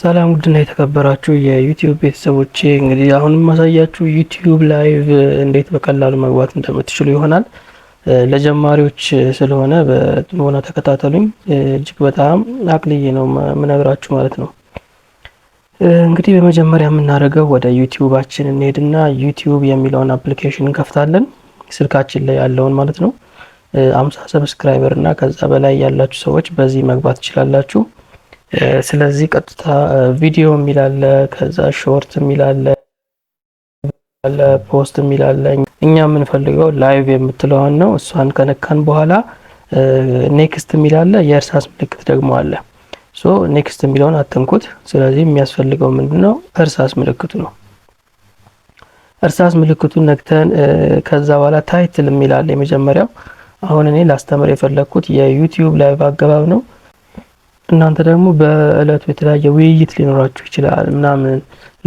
ሰላም ውድና የተከበራችሁ የዩቲዩብ ቤተሰቦቼ እንግዲህ አሁን ማሳያችሁ ዩቲዩብ ላይቭ እንዴት በቀላሉ መግባት እንደምትችሉ ይሆናል። ለጀማሪዎች ስለሆነ በጥሞና ተከታተሉኝ። እጅግ በጣም አቅልዬ ነው የምነግራችሁ ማለት ነው። እንግዲህ በመጀመሪያ የምናደርገው ወደ ዩቲዩባችን እንሄድና ዩቲዩብ የሚለውን አፕሊኬሽን እንከፍታለን። ስልካችን ላይ ያለውን ማለት ነው። አምሳ ሰብስክራይበር እና ከዛ በላይ ያላችሁ ሰዎች በዚህ መግባት ትችላላችሁ። ስለዚህ ቀጥታ ቪዲዮ የሚላለ ከዛ ሾርት የሚላለ ፖስት የሚላለ እኛ የምንፈልገው ላይቭ የምትለዋን ነው። እሷን ከነካን በኋላ ኔክስት የሚላለ የእርሳስ ምልክት ደግሞ አለ። ሶ ኔክስት የሚለውን አትንኩት። ስለዚህ የሚያስፈልገው ምንድን ነው? እርሳስ ምልክቱ ነው። እርሳስ ምልክቱን ነክተን ከዛ በኋላ ታይትል የሚላለ የመጀመሪያው። አሁን እኔ ላስተምር የፈለግኩት የዩቲዩብ ላይቭ አገባብ ነው። እናንተ ደግሞ በእለቱ የተለያየ ውይይት ሊኖራችሁ ይችላል ምናምን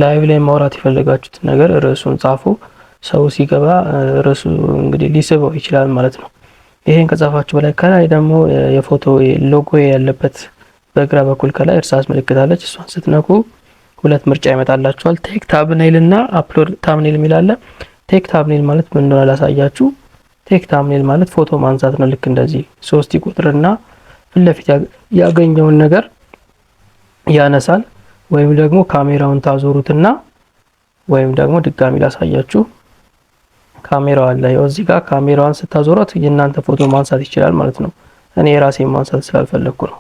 ላይቭ ላይ ማውራት የፈለጋችሁትን ነገር ርዕሱን ጻፉ። ሰው ሲገባ ርዕሱ እንግዲህ ሊስበው ይችላል ማለት ነው። ይሄን ከጻፋችሁ በላይ ከላይ ደግሞ የፎቶ ሎጎ ያለበት በግራ በኩል ከላይ እርሳስ ምልክት አለች። እሷን ስትነኩ ሁለት ምርጫ ይመጣላችኋል። ቴክ ታብኔል እና አፕሎድ ታብኔል የሚል ቴክ ታብኔል ማለት ምን እንደሆነ ላሳያችሁ። ቴክ ታብኔል ማለት ፎቶ ማንሳት ነው። ልክ እንደዚህ ሶስት ቁጥርና ፊት ለፊት ያገኘውን ነገር ያነሳል። ወይም ደግሞ ካሜራውን ታዞሩትና ወይም ደግሞ ድጋሚ ላሳያችሁ። ካሜራው አለ ያው እዚህ ጋር ካሜራዋን ስታዞሯት የእናንተ ፎቶ ማንሳት ይችላል ማለት ነው። እኔ የራሴን ማንሳት ስላልፈለግኩ ነው።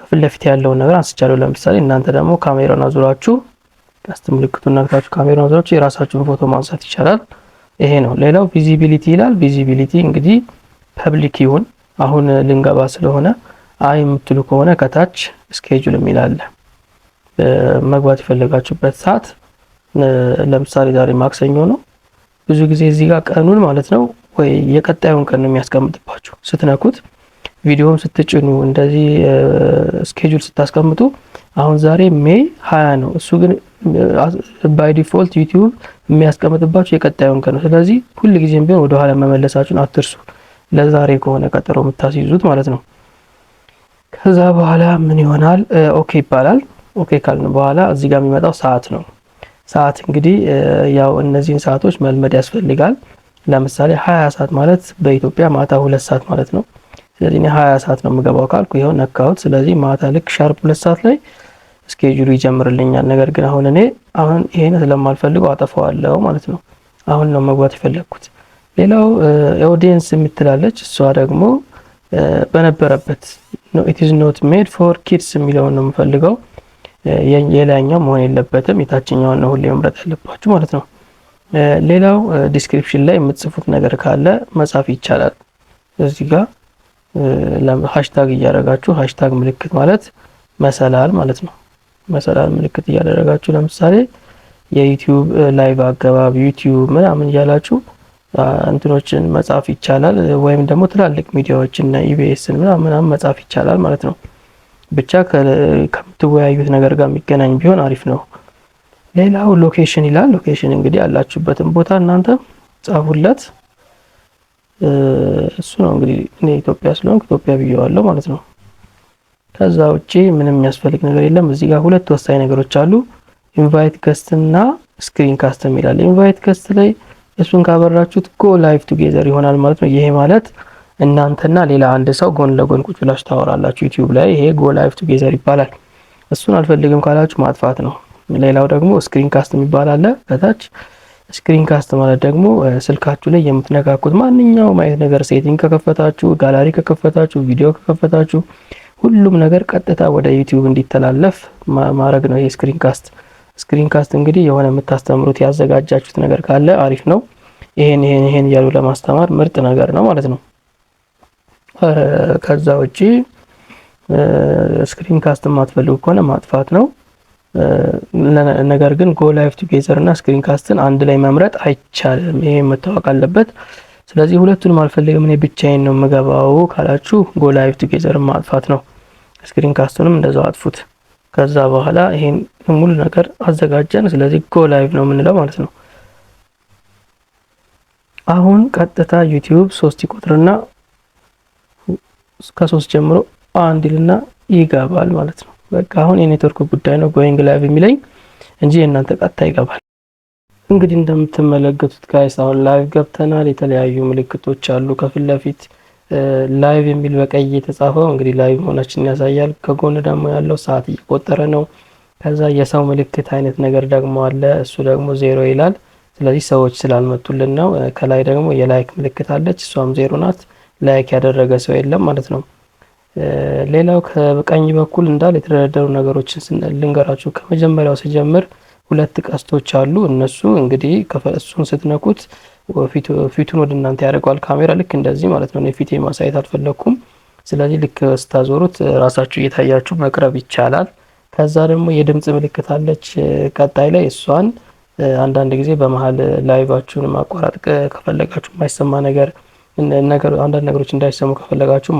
ከፊት ለፊት ያለውን ነገር አንስቻለሁ። ለምሳሌ እናንተ ደግሞ ካሜራውን አዞራችሁ ቀስት ምልክቱን ነክታችሁ ካሜራውን አዞራችሁ የራሳችሁን ፎቶ ማንሳት ይቻላል። ይሄ ነው። ሌላው ቪዚቢሊቲ ይላል። ቪዚቢሊቲ እንግዲህ ፐብሊክ ይሁን አሁን ልንገባ ስለሆነ አይ የምትሉ ከሆነ ከታች ስኬጁል የሚላለ መግባት የፈለጋችሁበት ሰዓት ለምሳሌ ዛሬ ማክሰኞ ነው። ብዙ ጊዜ እዚህ ጋር ቀኑን ማለት ነው ወይ የቀጣዩን ቀን ነው የሚያስቀምጥባችሁ። ስትነኩት ቪዲዮም ስትጭኑ እንደዚህ ስኬጁል ስታስቀምጡ አሁን ዛሬ ሜይ ሀያ ነው። እሱ ግን ባይ ዲፎልት ዩቲዩብ የሚያስቀምጥባችሁ የቀጣዩን ቀን ነው። ስለዚህ ጊዜም ቢሆን ወደኋላ መመለሳችሁን አትርሱ። ለዛሬ ከሆነ ቀጠሮ የምታስይዙት ማለት ነው። ከዛ በኋላ ምን ይሆናል? ኦኬ ይባላል። ኦኬ ካልን በኋላ እዚህ ጋር የሚመጣው ሰዓት ነው። ሰዓት እንግዲህ ያው እነዚህን ሰዓቶች መልመድ ያስፈልጋል። ለምሳሌ 20 ሰዓት ማለት በኢትዮጵያ ማታ ሁለት ሰዓት ማለት ነው። ስለዚህ እኔ 20 ሰዓት ነው የምገባው ካልኩ ይኸው ነካሁት። ስለዚህ ማታ ልክ ሻርፕ ሁለት ሰዓት ላይ እስኬጁሉ ይጀምርልኛል። ነገር ግን አሁን እኔ አሁን ይሄን ስለማልፈልገው አጠፋዋለሁ ማለት ነው። አሁን ነው መግባት የፈለግኩት። ሌላው ኦዲየንስ የምትላለች እሷ ደግሞ በነበረበት ኢትዝ ኖት ሜድ ፎር ኪድስ የሚለውን ነው የምፈልገው። የላይኛው መሆን የለበትም የታችኛውን ነው ሁሌ መምረጥ ያለባችሁ ማለት ነው። ሌላው ዲስክሪፕሽን ላይ የምትጽፉት ነገር ካለ መጻፍ ይቻላል። እዚህ ጋር ሃሽታግ እያደረጋችሁ ሃሽታግ ምልክት ማለት መሰላል ማለት ነው። መሰላል ምልክት እያደረጋችሁ ለምሳሌ የዩቲዩብ ላይቭ አገባብ ዩቲዩብ ምናምን እያላችሁ እንትኖችን መጻፍ ይቻላል ወይም ደግሞ ትላልቅ ሚዲያዎችን ኢቢኤስን ምናምን መጻፍ ይቻላል ማለት ነው። ብቻ ከምትወያዩት ነገር ጋር የሚገናኝ ቢሆን አሪፍ ነው። ሌላው ሎኬሽን ይላል። ሎኬሽን እንግዲህ ያላችሁበትን ቦታ እናንተ ጻፉለት። እሱ ነው እንግዲህ እኔ ኢትዮጵያ ስለሆንኩ ኢትዮጵያ ብየዋለሁ ማለት ነው። ከዛ ውጪ ምንም የሚያስፈልግ ነገር የለም። እዚህ ጋር ሁለት ወሳኝ ነገሮች አሉ። ኢንቫይት ገስት እና ስክሪን ካስት የሚላል ኢንቫይት ገስት ላይ እሱን ካበራችሁት ጎ ላይፍ ቱጌዘር ይሆናል ማለት ነው። ይሄ ማለት እናንተና ሌላ አንድ ሰው ጎን ለጎን ቁጭ ብላችሁ ታወራላችሁ ዩቲዩብ ላይ። ይሄ ጎ ላይፍ ቱጌዘር ይባላል። እሱን አልፈልግም ካላችሁ ማጥፋት ነው። ሌላው ደግሞ ስክሪን ካስት የሚባል አለ ስክሪን ካስት ማለት ደግሞ ስልካችሁ ላይ የምትነካኩት ማንኛውም አይነት ነገር ሴቲንግ ከከፈታችሁ፣ ጋላሪ ከከፈታችሁ፣ ቪዲዮ ከከፈታችሁ ሁሉም ነገር ቀጥታ ወደ ዩቲዩብ እንዲተላለፍ ማድረግ ነው ይሄ ስክሪን ካስት። ስክሪን ካስት እንግዲህ የሆነ የምታስተምሩት ያዘጋጃችሁት ነገር ካለ አሪፍ ነው። ይሄን ይሄን ይሄን እያሉ ለማስተማር ምርጥ ነገር ነው ማለት ነው። ከዛ ውጪ ስክሪን ካስት የማትፈልጉ ከሆነ ማጥፋት ነው። ነገር ግን ጎ ላይቭ ቱጌዘር እና ስክሪን ካስትን አንድ ላይ መምረጥ አይቻልም። ይሄ መታወቅ አለበት። ስለዚህ ሁለቱንም አልፈልግም እኔ ብቻዬን ነው የምገባው ካላችሁ ጎ ላይቭ ቱጌዘር ማጥፋት ነው። ስክሪን ካስቱንም እንደዛው አጥፉት። ከዛ በኋላ ይሄን ሙሉ ነገር አዘጋጀን። ስለዚህ ጎ ላይቭ ነው የምንለው ማለት ነው። አሁን ቀጥታ ዩቲዩብ ሶስት ይቆጥርና ከሶስት ጀምሮ አንድ ይልና ይገባል ማለት ነው። በቃ አሁን የኔትወርክ ጉዳይ ነው ጎይንግ ላይቭ የሚለኝ እንጂ የእናንተ ቀጥታ ይገባል። እንግዲህ እንደምትመለከቱት ጋይስ አሁን ላይቭ ገብተናል። የተለያዩ ምልክቶች አሉ ከፊት ለፊት ላይቭ የሚል በቀይ የተጻፈው እንግዲህ ላይቭ መሆናችንን ያሳያል። ከጎን ደግሞ ያለው ሰዓት እየቆጠረ ነው። ከዛ የሰው ምልክት አይነት ነገር ደግሞ አለ። እሱ ደግሞ ዜሮ ይላል። ስለዚህ ሰዎች ስላልመጡልን ነው። ከላይ ደግሞ የላይክ ምልክት አለች። እሷም ዜሮ ናት። ላይክ ያደረገ ሰው የለም ማለት ነው። ሌላው ከቀኝ በኩል እንዳል የተደረደሩ ነገሮችን ልንገራችሁ። ከመጀመሪያው ስጀምር ሁለት ቀስቶች አሉ። እነሱ እንግዲህ እሱን ስትነኩት ፊቱን ወደ እናንተ ያደርገዋል ካሜራ ልክ እንደዚህ ማለት ነው። ፊቴ ማሳየት አልፈለግኩም። ስለዚህ ልክ ስታዞሩት ራሳችሁ እየታያችሁ መቅረብ ይቻላል። ከዛ ደግሞ የድምፅ ምልክት አለች ቀጣይ ላይ እሷን አንዳንድ ጊዜ በመሀል ላይቫችሁን ማቋረጥ ከፈለጋችሁ የማይሰማ ነገር አንዳንድ ነገሮች እንዳይሰሙ ከፈለጋችሁ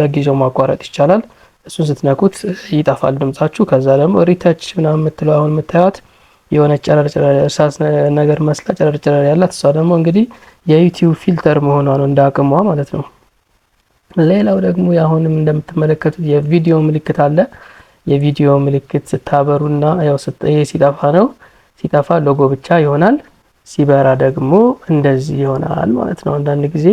ለጊዜው ማቋረጥ ይቻላል። እሱን ስትነኩት ይጠፋል ድምጻችሁ። ከዛ ደግሞ ሪተች ምናምን የምትለው አሁን የምታዩት የሆነች ጨረር ጨረር እርሳስ ነገር መስላ ጨረር ጨረር ያላት እሷ ደግሞ እንግዲህ የዩቲዩብ ፊልተር መሆኗ ነው እንደ አቅሟ ማለት ነው። ሌላው ደግሞ የአሁንም እንደምትመለከቱት የቪዲዮ ምልክት አለ። የቪዲዮ ምልክት ስታበሩና ያው ሲጠፋ ነው። ሲጠፋ ሎጎ ብቻ ይሆናል። ሲበራ ደግሞ እንደዚህ ይሆናል ማለት ነው። አንዳንድ ጊዜ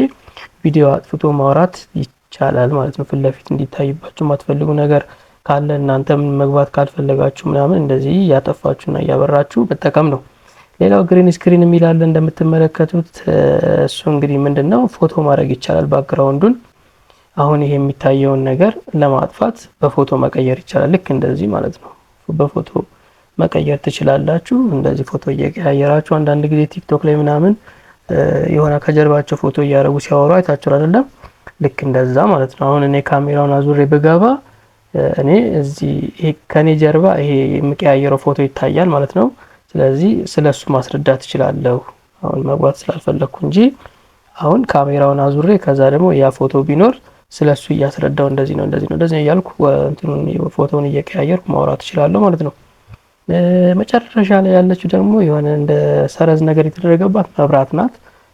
ቪዲዮ አጥፍቶ ማውራት ይቻላል ማለት ነው። ፊት ለፊት እንዲታይባችሁ የማትፈልጉ ነገር ካለ እናንተ መግባት ካልፈለጋችሁ ምናምን እንደዚህ እያጠፋችሁና እያበራችሁ መጠቀም ነው። ሌላው ግሪን ስክሪን የሚላለ እንደምትመለከቱት እሱ እንግዲህ ምንድን ነው ፎቶ ማድረግ ይቻላል ባክግራውንዱን አሁን ይሄ የሚታየውን ነገር ለማጥፋት በፎቶ መቀየር ይቻላል። ልክ እንደዚህ ማለት ነው። በፎቶ መቀየር ትችላላችሁ። እንደዚህ ፎቶ እየቀያየራችሁ አንዳንድ ጊዜ ቲክቶክ ላይ ምናምን የሆነ ከጀርባቸው ፎቶ እያደረጉ ሲያወሩ አይታችሁ አይደለም? ልክ እንደዛ ማለት ነው። አሁን እኔ ካሜራውን አዙሬ ብገባ እኔ እዚህ ከኔ ጀርባ ይሄ የሚቀያየረው ፎቶ ይታያል ማለት ነው። ስለዚህ ስለሱ ማስረዳት እችላለሁ። አሁን መግባት ስላልፈለግኩ እንጂ አሁን ካሜራውን አዙሬ ከዛ ደግሞ ያ ፎቶ ቢኖር ስለ እሱ እያስረዳው እንደዚህ ነው እንደዚህ ነው እንደዚህ ነው እያልኩ እንትኑን ፎቶውን እየቀያየርኩ ማውራት እችላለሁ ማለት ነው። መጨረሻ ላይ ያለችው ደግሞ የሆነ እንደ ሰረዝ ነገር የተደረገባት መብራት ናት።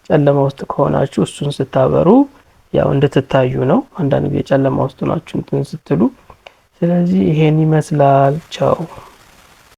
ጨለማ ውስጥ ከሆናችሁ እሱን ስታበሩ ያው እንድትታዩ ነው። አንዳንድ ጊዜ ጨለማ ውስጥ ናችሁ እንትን ስትሉ። ስለዚህ ይሄን ይመስላል። ቻው